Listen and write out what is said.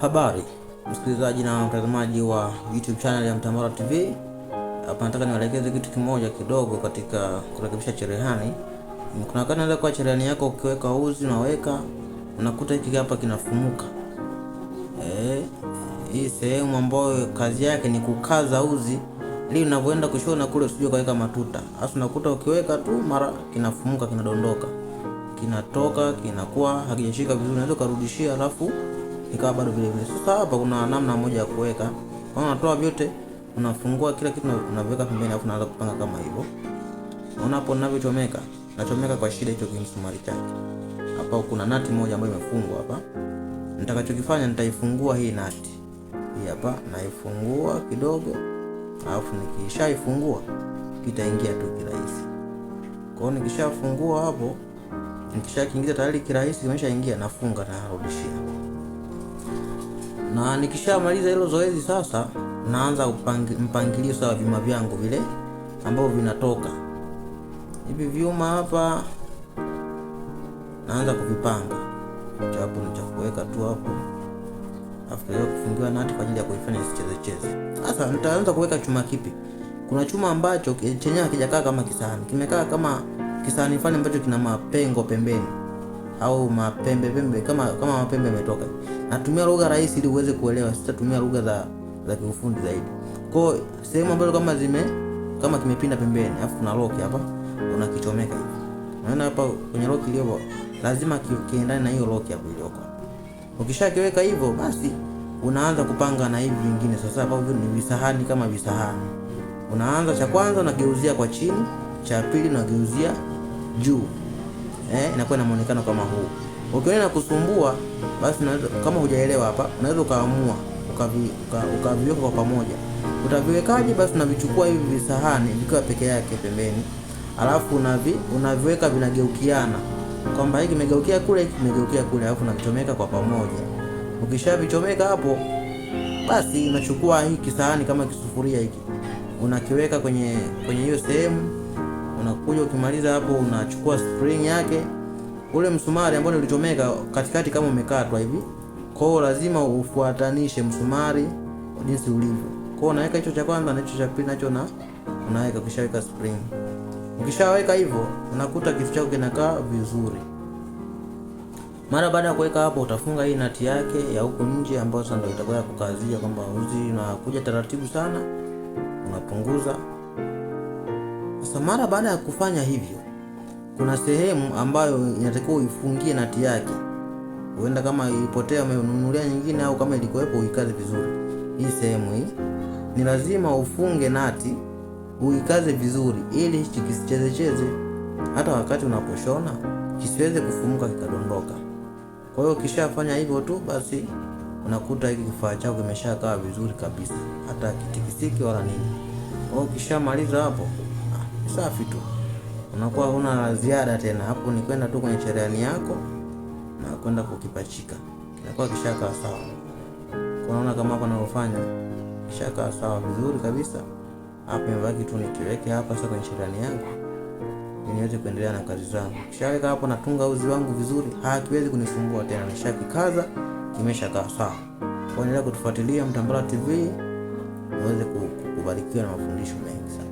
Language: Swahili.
Habari msikilizaji na mtazamaji wa YouTube channel ya Mtambala TV. Hapa nataka niwaelekeze kitu kimoja kidogo katika kurekebisha cherehani. Kuna wakati naweza kuwa cherehani yako ukiweka uzi unaweka unakuta hiki hapa kinafumuka. Eh, hii sehemu ambayo kazi yake ni kukaza uzi ili unavyoenda kushona kule usije kaweka matuta. Hasa unakuta ukiweka tu mara kinafumuka kinadondoka. Kinatoka kinakuwa hakijashika vizuri, unaweza kurudishia alafu ikawa bado vile vile. Sasa hapa kuna namna moja ya kuweka, kwa unatoa vyote, unafungua kila kitu unaviweka pembeni, afu unaanza kupanga kama hivyo. Unaona hapo ninavyochomeka, nachomeka kwa shida hicho kimsumari chake. Hapa kuna nati moja ambayo imefungwa hapa. Nitakachokifanya nitaifungua hii nati hii hapa, naifungua kidogo, alafu nikishaifungua kitaingia tu kirahisi. Kwa hiyo nikishafungua hapo, nikishakiingiza tayari kirahisi, kimeshaingia, nafunga na narudishia na nikishamaliza hilo zoezi sasa naanza mpangilio sawa vyuma vyangu vile ambavyo vinatoka hivi vyuma hapa, naanza kuvipanga hapo, ni cha kuweka tu hapo, afu kufungiwa nati kwa ajili ya kuifanya isicheze cheze. Sasa nitaanza kuweka chuma kipi? Kuna chuma ambacho chenyewe hakijakaa kama kisahani, kimekaa kama kisahani fulani ambacho kina mapengo pembeni au mapembe pembe kama kama mapembe yametoka. Natumia lugha rahisi ili uweze kuelewa, sitatumia lugha za za kiufundi zaidi. Kwa sehemu ambazo kama zime kama kimepinda pembeni, afu kuna lock hapa, unakichomeka hivi. Unaona hapa kwenye lock iliyopo, lazima kiendane na hiyo lock hapo iliyoko. Ukishakiweka hivyo, basi unaanza kupanga na hivi vingine sasa, hapo ni visahani kama visahani. Unaanza cha kwanza unageuzia kwa chini, cha pili unageuzia juu eh, inakuwa na muonekano kama huu. Ukiona inakusumbua, basi unaweza kama hujaelewa hapa, unaweza ukaamua ukaviweka uka, uka uka kwa pamoja. Utaviwekaje? Basi unavichukua hivi visahani vikiwa peke yake pembeni, alafu unavi unaviweka vinageukiana, kwamba hiki kimegeukia kule, hiki kimegeukia kule, alafu unavichomeka kwa pamoja. Ukishavichomeka hapo, basi unachukua hiki kisahani kama kisufuria hiki, unakiweka kwenye kwenye hiyo sehemu unakuja ukimaliza hapo unachukua spring yake, ule msumari ambao nilichomeka katikati kama umekatwa hivi. Kwa hiyo lazima ufuatanishe msumari jinsi ulivyo. Kwa hiyo unaweka hicho cha kwanza na hicho cha pili nacho na unaweka kisha weka spring. Ukishaweka hivyo unakuta kitu chako kinakaa vizuri. Mara baada ya kuweka hapo utafunga hii nati yake ya huku nje ambayo sasa ndio itakuwa ya kukazia kwamba uzi kuja taratibu sana unapunguza sasa mara baada ya kufanya hivyo, kuna sehemu ambayo inatakiwa uifungie nati yake. Huenda kama ilipotea umenunulia nyingine, au kama ilikuwepo uikaze vizuri. Hii sehemu hii ni lazima ufunge nati, uikaze vizuri, ili hichi kisichezecheze, hata wakati unaposhona kisiweze kufumuka kikadondoka. Kwa hiyo ukishafanya hivyo tu basi unakuta hiki kifaa chako kimeshakaa vizuri kabisa, hata kitikisiki wala nini. Kwa hiyo ukishamaliza hapo safi tu, unakuwa huna ziada tena. Hapo ni kwenda tu kwenye cherehani yako na kwenda kukipachika, kinakuwa kishakaa sawa. Unaona kama hapo naofanya kishakaa sawa vizuri kabisa. Hapa imebaki tu nikiweke hapa sasa kwenye cherehani yangu niweze kuendelea na kazi zangu. Kishaweka hapo natunga uzi wangu vizuri, hakiwezi kunisumbua tena. Nishakikaza, kimeshakaa sawa. Endelea kutufuatilia Mtambala TV uweze kubarikiwa na mafundisho mengi sana.